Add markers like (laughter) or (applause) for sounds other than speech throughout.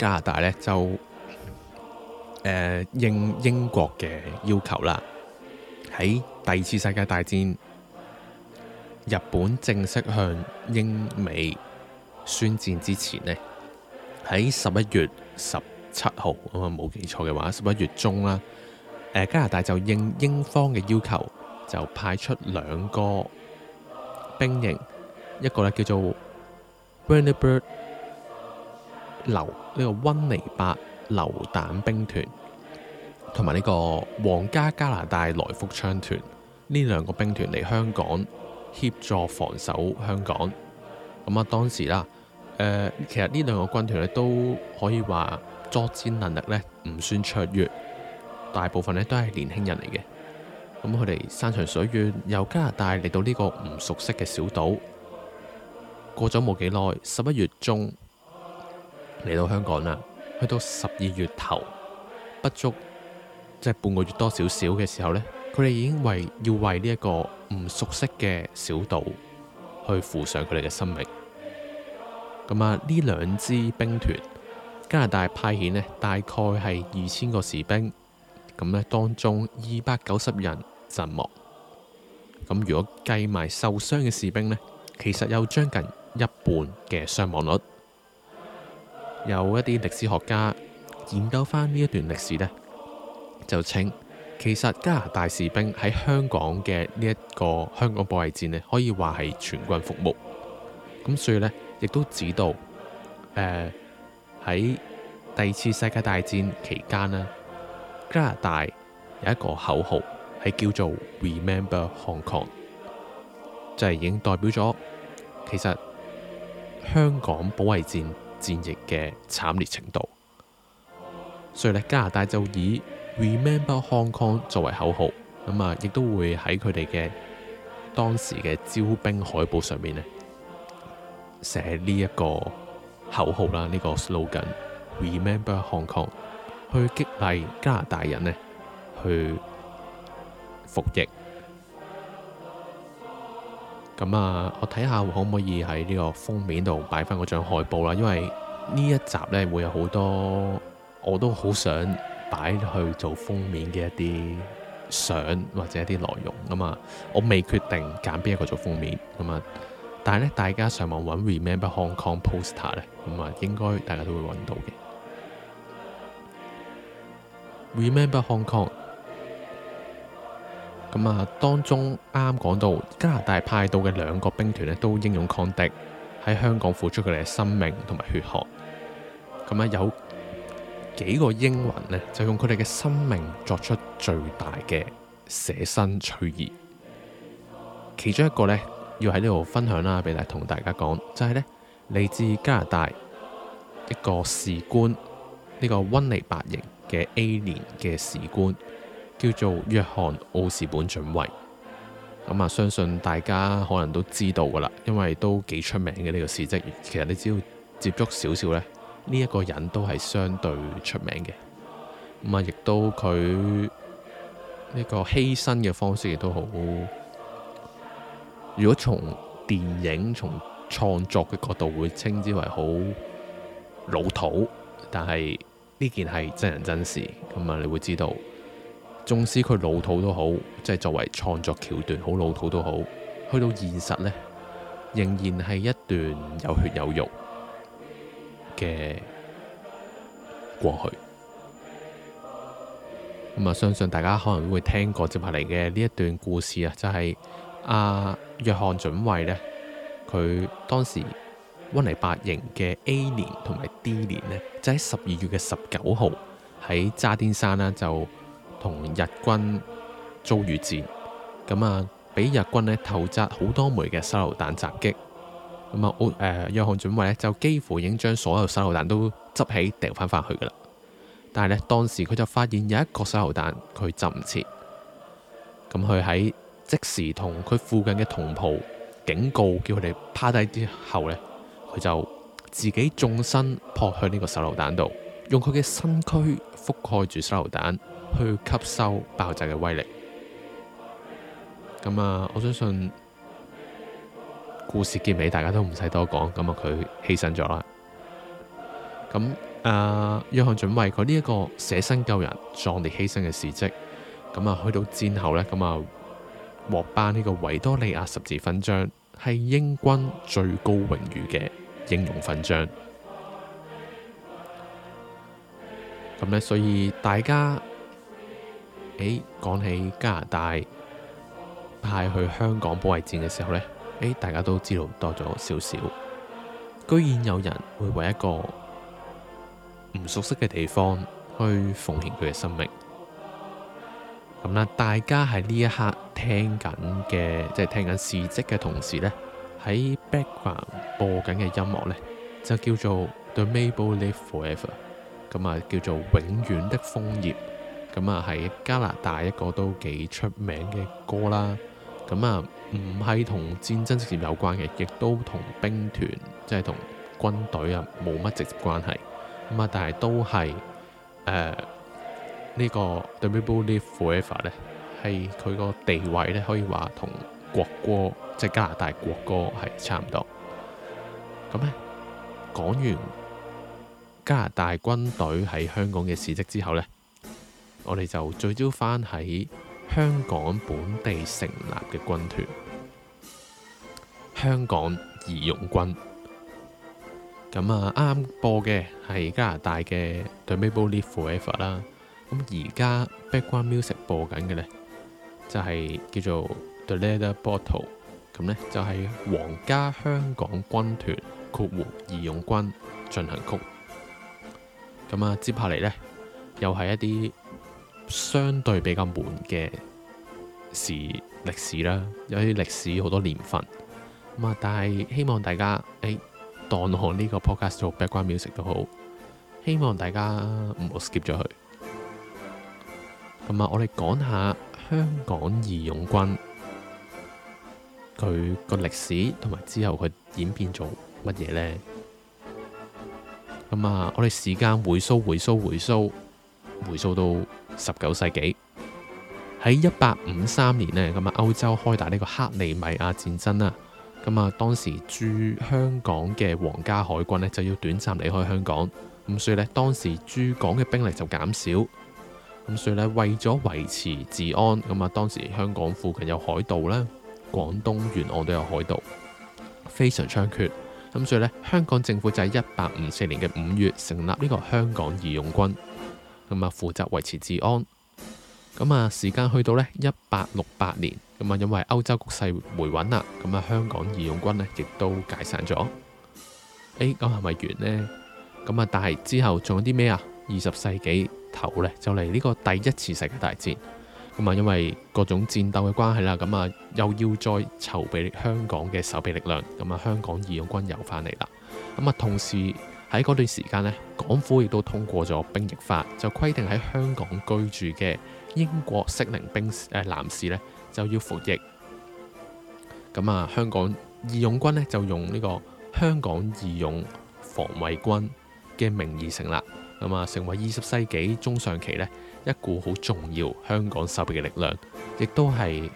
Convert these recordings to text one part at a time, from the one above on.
加拿大咧就誒、呃、應英國嘅要求啦，喺第二次世界大戰，日本正式向英美宣戰之前呢，喺十一月十七號啊，冇記錯嘅話，十一月中啦，誒、呃、加拿大就應英方嘅要求，就派出兩個兵營，一個咧叫做 Winnipeg 留呢個溫尼伯榴彈兵團，同埋呢個皇家加拿大來福槍團，呢兩個兵團嚟香港協助防守香港。咁啊，當時啦，呃，其實呢兩個軍團咧都可以話作戰能力咧唔算卓越，大部分咧都係年輕人嚟嘅。咁佢哋山長水遠由加拿大嚟到呢個唔熟悉嘅小島，過咗冇幾耐，十一月中。嚟到香港啦，去到十二月頭不足即係、就是、半個月多少少嘅時候呢，佢哋已經為要為呢一個唔熟悉嘅小島去付上佢哋嘅生命。咁、嗯、啊，呢兩支兵團加拿大派遣呢大概係二千個士兵，咁、嗯、呢當中二百九十人陣亡。咁、嗯、如果計埋受傷嘅士兵呢，其實有將近一半嘅傷亡率。有一啲歷史學家研究返呢一段歷史呢，就稱其實加拿大士兵喺香港嘅呢一個香港保衞戰呢，可以話係全軍覆沒。咁所以呢，亦都指到喺、呃、第二次世界大戰期間呢，加拿大有一個口號係叫做 Remember Hong Kong，就係已經代表咗其實香港保衞戰。戰役嘅慘烈程度，所以加拿大就以 Remember Hong Kong 作為口號，咁啊亦都會喺佢哋嘅當時嘅招兵海報上面咧寫呢一個口號啦，呢、呢個 slogan Remember Hong Kong，去激勵加拿大人咧去服役。咁啊，我睇下可唔可以喺呢個封面度擺翻嗰張海報啦，因為呢一集呢，會有好多我都好想擺去做封面嘅一啲相或者一啲內容咁啊，我未決定揀邊一個做封面咁啊，但係呢，大家上網揾 Remember Hong Kong Poster 呢、啊，咁啊應該大家都會揾到嘅。Remember Hong Kong。咁啊，當中啱啱講到加拿大派到嘅兩個兵團呢，都英勇抗敵，喺香港付出佢哋嘅生命同埋血汗。咁啊，有幾個英魂呢，就用佢哋嘅生命作出最大嘅捨身取義。其中一個呢，要喺呢度分享啦，俾大同大家講，就係呢嚟自加拿大一個士官，呢、這個溫尼伯營嘅 A 連嘅士官。叫做約翰奧士本准尉，咁啊，相信大家可能都知道噶啦，因為都幾出名嘅呢、這個事蹟。其實你只要接觸少少呢，呢、這、一個人都係相對出名嘅。咁啊，亦都佢呢、這個犧牲嘅方式亦都好。如果從電影、從創作嘅角度，會稱之為好老土，但係呢件係真人真事，咁啊，你會知道。縱使佢老土都好，即係作為創作橋段好老土都好，去到現實呢，仍然係一段有血有肉嘅過去。咁啊，相信大家可能會聽過接下嚟嘅呢一段故事啊，就係阿約翰準尉呢。佢當時温尼伯營嘅 A 連同埋 D 連呢，就喺十二月嘅十九號喺渣甸山呢就，同日軍遭遇戰咁啊，俾日軍咧投擲好多枚嘅手榴彈襲擊。咁啊，我約翰准尉咧就幾乎已經將所有手榴彈都執起掟翻翻去噶啦。但係咧，當時佢就發現有一個手榴彈佢執唔切，咁佢喺即時同佢附近嘅同袍警告，叫佢哋趴低之後呢佢就自己縱身撲向呢個手榴彈度，用佢嘅身軀覆蓋住手榴彈。去吸收爆炸嘅威力，咁啊，我相信故事結尾大家都唔使多講，咁啊佢犧牲咗啦。咁啊，約翰准尉佢呢一個捨身救人、壯烈犧牲嘅事跡，咁啊，去到戰後呢，咁啊獲頒呢個維多利亞十字勳章，係英軍最高榮譽嘅英勇勳章。咁咧，所以大家。喺講起加拿大派去香港保衛戰嘅時候咧，誒，大家都知道多咗少少，居然有人會為一個唔熟悉嘅地方去奉獻佢嘅生命。咁啦，大家喺呢一刻聽緊嘅，即係聽緊事迹嘅同時咧，喺 background 播緊嘅音樂咧，就叫做《The Maple Leaf Forever》，咁啊叫做永遠的楓葉。咁啊，喺加拿大一個都幾出名嘅歌啦。咁啊，唔係同戰爭直接有關嘅，亦都同兵團即係同軍隊啊冇乜直接關係。咁啊，但係都係誒呢個《The Maple Leaf Forever》呢，係佢個地位呢，可以話同國歌即係、就是、加拿大國歌係差唔多。咁呢，講完加拿大軍隊喺香港嘅史跡之後呢。我哋就聚焦返喺香港本地成立嘅軍團——香港義勇軍。咁啊，啱播嘅係加拿大嘅《The Maple Leaf Forever》啦。咁而家 background music 播緊嘅呢，就係叫做《The Leather Bottle》，咁呢，就係皇家香港軍團括弧義勇軍進行曲。咁啊，接下嚟呢，又係一啲，相對比較悶嘅史歷史啦，有啲歷史好多年份咁啊，但係希望大家，誒、欸，當看呢個 podcast 做 background music 都好，希望大家唔好 skip 咗佢。咁啊，我哋講下香港義勇軍佢個歷史，同埋之後佢演變做乜嘢呢？咁啊，我哋時間回溯回溯回溯回溯到。十九世紀喺一八五三年呢，咁啊歐洲開打呢個克里米亞戰爭啦，咁啊當時駐香港嘅皇家海軍呢，就要短暫離開香港，咁所以呢，當時駐港嘅兵力就減少，咁所以呢，為咗維持治安，咁啊當時香港附近有海盜啦，廣東沿岸都有海盜，非常猖獗，咁所以呢，香港政府就喺一八五四年嘅五月成立呢個香港義勇軍。咁啊，負責維持治安。咁啊，時間去到呢，一八六八年，咁啊，因為歐洲局勢回穩啦，咁啊，香港義勇軍呢亦都解散咗。哎，咁係咪完呢？咁啊，但係之後仲有啲咩啊？二十世紀頭呢，就嚟呢個第一次世界大戰。咁啊，因為各種戰鬥嘅關係啦，咁啊，又要再籌備香港嘅守備力量。咁啊，香港義勇軍又返嚟啦。咁啊，同時。喺嗰段時間呢，港府亦都通過咗兵役法，就規定喺香港居住嘅英國適齡兵誒男、呃、士呢就要服役。咁、嗯、啊，香港義勇軍呢，就用呢個香港義勇防衛軍嘅名義成立，咁、嗯、啊成為二十世紀中上期呢一股好重要香港守備嘅力量，亦都係、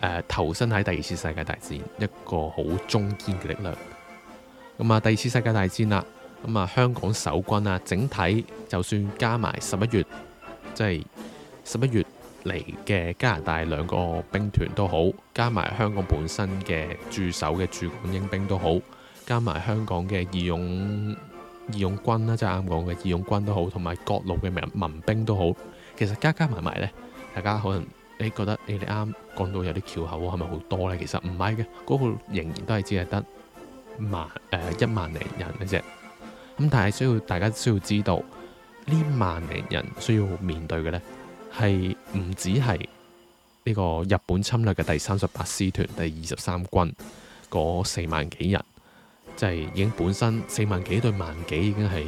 呃、投身喺第二次世界大戰一個好中堅嘅力量。咁、嗯、啊，第二次世界大戰啦。咁啊，香港守軍啊，整體就算加埋十一月，即係十一月嚟嘅加拿大兩個兵團都好，加埋香港本身嘅駐守嘅駐港英兵都好，加埋香港嘅義勇義勇軍啦，即係啱講嘅義勇軍都好，同埋各路嘅民兵都好。其實加加埋埋呢，大家可能你覺得你哋啱講到有啲橋口，係咪好多呢？其實唔係嘅，嗰、嗰個仍然都係只係得萬誒一萬零人嘅啫。咁但係需要大家需要知道，呢萬零人需要面對嘅呢，係唔止係呢個日本侵略嘅第三十八師團、第二十三軍嗰四萬幾人，就係已經本身四萬幾對萬幾已經係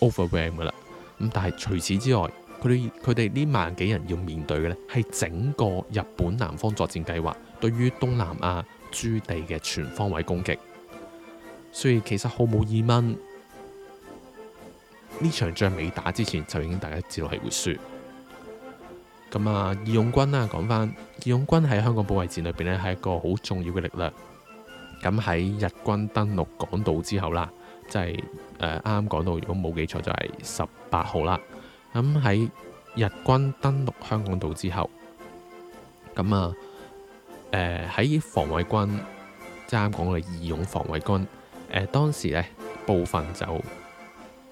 overwhelm 噶啦。咁但係除此之外，佢哋佢哋呢萬幾人要面對嘅呢，係整個日本南方作戰計劃對於東南亞諸地嘅全方位攻擊。所以其實毫無疑問。呢場仗未打之前，就已經大家知道係會輸。咁啊，義勇軍啦，講返義勇軍喺香港保衛戰裏邊呢，係一個好重要嘅力量。咁喺日軍登陸港島之後啦，即係啱啱講到，如果冇記錯就係十八號啦。咁喺日軍登陸香港島之後，咁啊誒喺、呃、防衛軍，即啱講嘅義勇防衛軍，誒、呃、當時呢部分就。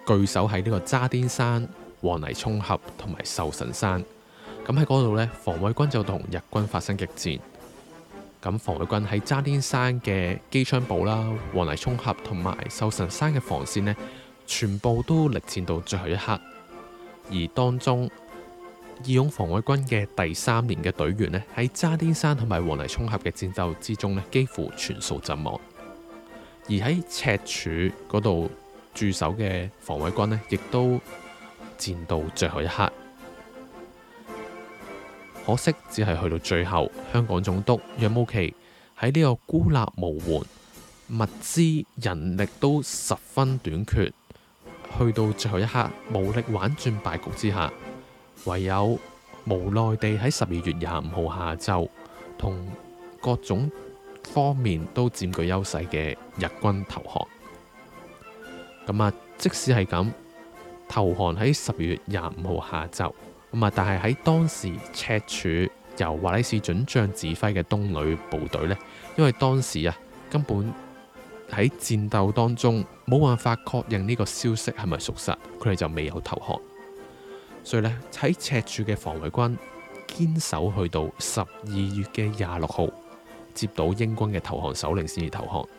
據守喺呢個渣甸山、黃泥湧峽同埋壽神山，咁喺嗰度呢，防衛軍就同日軍發生激戰。咁防衛軍喺渣甸山嘅機槍堡啦、黃泥湧峽同埋壽神山嘅防線呢，全部都力戰到最後一刻。而當中義勇防衛軍嘅第三連嘅隊員呢，喺渣甸山同埋黃泥湧峽嘅戰鬥之中呢，幾乎全數陣亡。而喺赤柱嗰度。駐守嘅防衛軍咧，亦都戰到最後一刻。可惜只係去到最後，香港總督楊慕琦喺呢個孤立無援、物資、人力都十分短缺，去到最後一刻無力挽救敗局之下，唯有無奈地喺十二月廿五號下晝，同各種方面都佔據優勢嘅日軍投降。咁啊！即使係咁投降喺十二月廿五號下晝，咁啊，但係喺當時赤柱由華里士准將指揮嘅東旅部隊呢，因為當時啊根本喺戰鬥當中冇辦法確認呢個消息係咪屬實，佢哋就未有投降。所以呢，喺赤柱嘅防衛軍堅守去到十二月嘅廿六號，接到英軍嘅投降手令先至投降。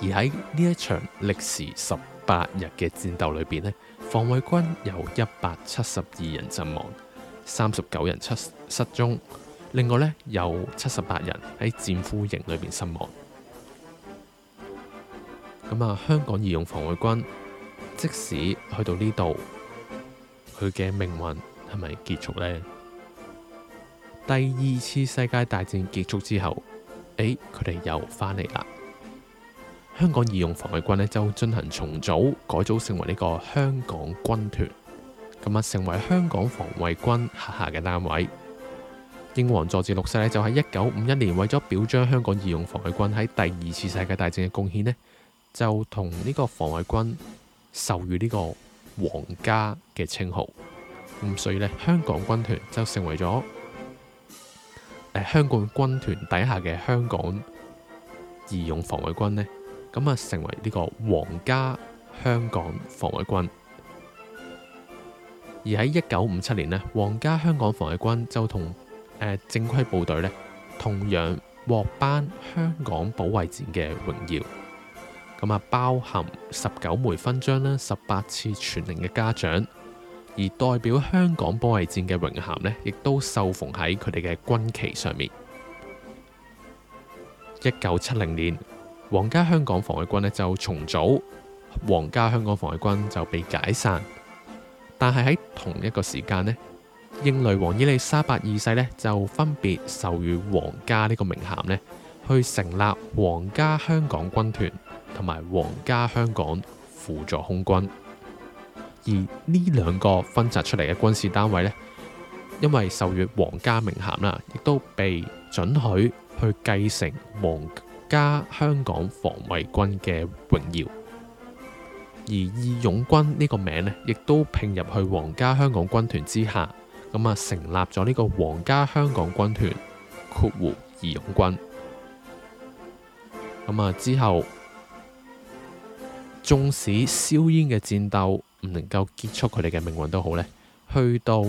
而喺呢一場歷時十八日嘅戰鬥裏邊呢，防衛軍有一百七十二人陣亡，三十九人出失蹤，另外呢，有七十八人喺戰俘營裏邊身亡。咁啊，香港義勇防衛軍即使去到呢度，佢嘅命運係咪結束呢？第二次世界大戰結束之後，誒、欸，佢哋又翻嚟啦。香港義勇防衛軍咧就進行重組改組，成為呢個香港軍團，咁啊，成為香港防衛軍轄下嘅單位。英皇佐治六世咧就喺一九五一年為咗表彰香港義勇防衛軍喺第二次世界大戰嘅貢獻咧，就同呢個防衛軍授予呢個皇家嘅稱號。咁所以呢，香港軍團就成為咗香港軍團底下嘅香港義勇防衛軍咧。咁啊，成為呢個皇家香港防衛軍，而喺一九五七年咧，皇家香港防衛軍就同誒、呃、正規部隊咧，同樣獲頒香港保衛戰嘅榮耀。咁啊，包含十九枚勳章啦，十八次傳令嘅嘉奬，而代表香港保衛戰嘅榮銜咧，亦都繡縫喺佢哋嘅軍旗上面。一九七零年，皇家香港防衛軍呢就重組，皇家香港防衛軍就被解散。但係喺同一個時間咧，英女王伊利沙伯二世呢就分別授予皇家呢個名銜呢，去成立皇家香港軍團同埋皇家香港輔助空軍。而呢兩個分拆出嚟嘅軍事單位呢，因為授予皇家名銜啦，亦都被准許去繼承皇。加香港防衛軍嘅榮耀，而義勇軍呢個名呢，亦都拼入去皇家香港軍團之下，咁啊成立咗呢個皇家香港軍團括弧義勇軍，咁啊之後，縱使硝煙嘅戰鬥唔能夠結束佢哋嘅命運都好呢，去到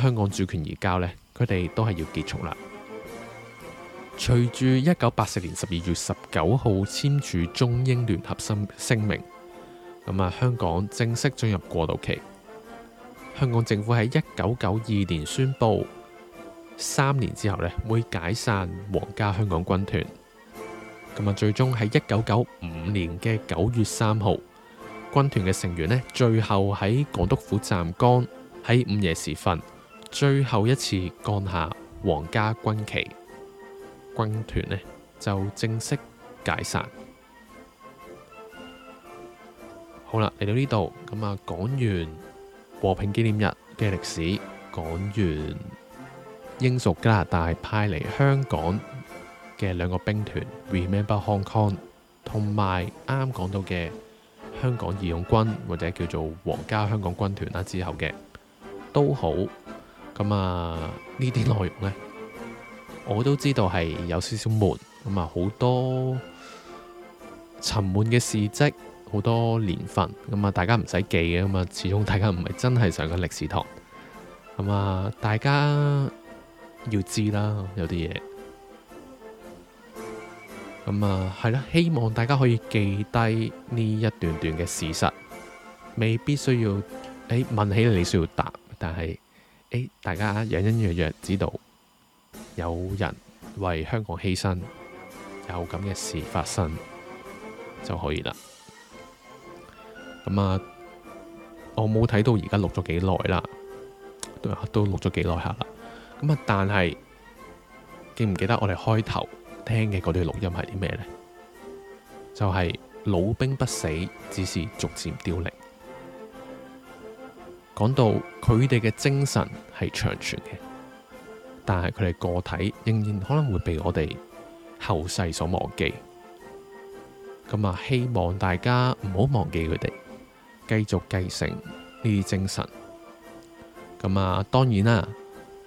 香港主權移交呢，佢哋都係要結束啦。隨住一九八四年十二月十九號簽署中英聯合聲明，咁啊，香港正式進入過渡期。香港政府喺一九九二年宣佈，三年之後呢會解散皇家香港軍團。咁啊，最終喺一九九五年嘅九月三號，軍團嘅成員呢，最後喺港督府站崗，喺午夜時分，最後一次降下皇家軍旗。軍團呢就正式解散。好啦，嚟到呢度，咁啊，講完和平紀念日嘅歷史，講完英屬加拿大派嚟香港嘅兩個兵團 (music) ，Remember Hong Kong，同埋啱啱講到嘅香港義勇軍或者叫做皇家香港軍團啦之後嘅，都好。咁啊，呢啲內容呢。 (music) 我都知道係有少少悶，咁啊好多沉悶嘅事跡，好多年份，咁啊大家唔使記嘅啊，始終大家唔係真係上緊歷史堂，咁啊大家要知啦，有啲嘢，咁啊係啦，希望大家可以記低呢一段段嘅事實，未必需要誒問起你需要答，但係誒大家隱隱約約知道。有人為香港犧牲，有咁嘅事發生就可以啦。咁啊，我冇睇到而家錄咗幾耐啦，都錄咗幾耐下啦。咁啊，但係記唔記得我哋開頭聽嘅嗰段錄音係啲咩呢？就係老兵不死，只是逐漸凋零。講到佢哋嘅精神係長存嘅。但係佢哋個體仍然可能會被我哋後世所忘記，咁啊，希望大家唔好忘記佢哋，繼續繼承呢啲精神。咁啊，當然啦，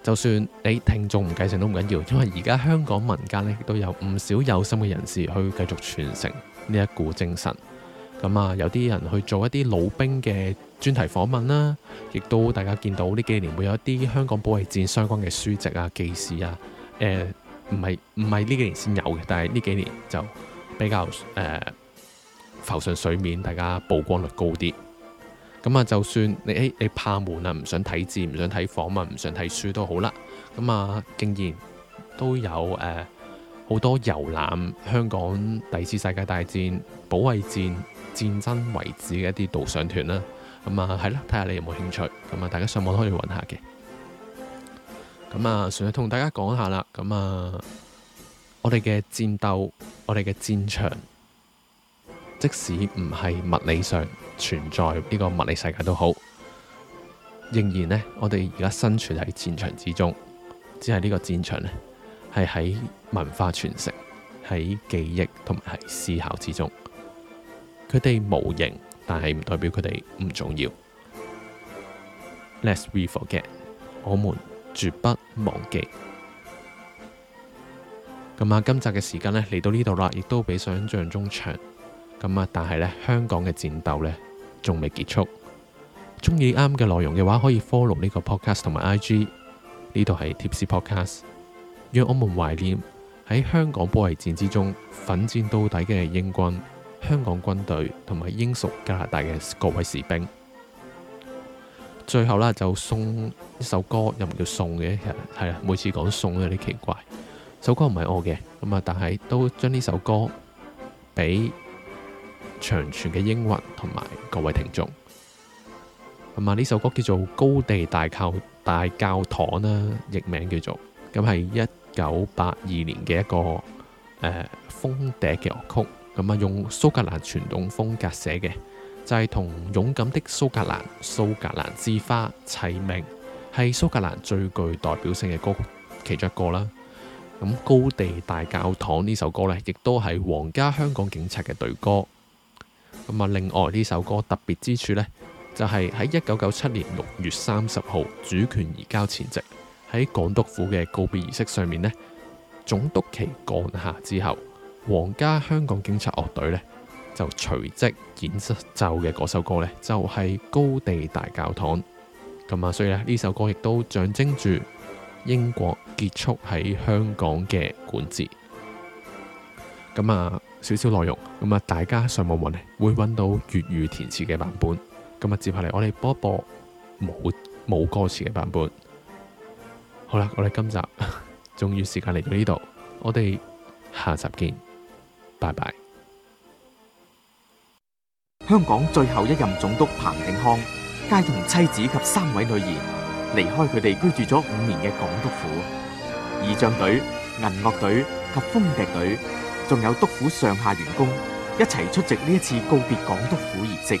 就算你聽眾唔繼承都唔緊要，因為而家香港民間咧亦都有唔少有心嘅人士去繼續傳承呢一股精神。咁啊，有啲人去做一啲老兵嘅專題訪問啦，亦都大家見到呢幾年會有一啲香港保衛戰相關嘅書籍啊、記事啊，唔係唔係呢幾年先有嘅，但係呢幾年就比較誒、呃、浮上水面，大家曝光率高啲。咁啊，就算你你怕悶啊，唔想睇字，唔想睇訪問，唔想睇書都好啦。咁啊，竟然都有誒好、呃、多遊覽香港第二次世界大戰保衛戰戰爭遺址嘅一啲導賞團啦。咁啊，係啦，睇下你有冇興趣。咁啊，大家上網都可以揾下嘅。咁啊，純粹同大家講下啦。咁啊，我哋嘅戰鬥，我哋嘅戰場，即使唔係物理上存在呢個物理世界都好，仍然呢，我哋而家身處喺戰場之中。只係呢個戰場呢，係喺文化傳承、喺記憶同埋係思考之中。佢哋無形。但係唔代表佢哋唔重要。Lest We forget，我們絕不忘記。咁啊，今集嘅時間咧，嚟到呢度啦，亦都比想象中長。咁啊，但係咧，香港嘅戰鬥咧仲未結束。中意啱嘅內容嘅話，可以 follow 呢個 podcast 同埋 IG。呢度係 Tipsy Podcast。讓我們懷念喺香港保衛戰之中奮戰到底嘅英軍香港軍隊同埋英屬加拿大嘅各位士兵，最後啦就送一首歌，又唔叫送嘅，係啦，每次講送都有啲奇怪。首歌唔係我嘅，咁啊，但係都將呢首歌俾長存嘅英魂同埋各位聽眾。同埋呢首歌叫做《高地大，大教堂》，大教堂啦，譯名叫做，咁係一九八二年嘅一個誒、呃、風笛嘅樂曲。咁啊，用蘇格蘭傳統風格寫嘅，就係同《勇敢的蘇格蘭》、《蘇格蘭之花》齊名，係蘇格蘭最具代表性嘅歌曲，其中一個啦。咁《高地大教堂》呢首歌呢，亦都係皇家香港警察嘅隊歌。咁啊，另外呢首歌特別之處呢，就係喺一九九七年六月三十號主權移交前夕，喺港督府嘅告別儀式上面呢，總督旗降下之後，皇家香港警察樂隊呢，就隨即演奏嘅嗰首歌呢，就係、是、高地大教堂。咁啊，所以呢呢首歌亦都象徵住英國結束喺香港嘅管治。咁啊，少少內容，咁啊，大家上網揾呢會揾到粵語填詞嘅版本。咁啊，接下嚟我哋播一播冇冇歌詞嘅版本。好啦，我哋今集終於時間嚟到呢度，我哋下集見。拜拜！Bye bye，香港最後一任總督彭定康，皆同妻子及三位女兒離開佢哋居住咗五年嘅港督府，儀仗隊、銀樂隊及風笛隊，仲有督府上下員工一齊出席呢一次告別港督府儀式。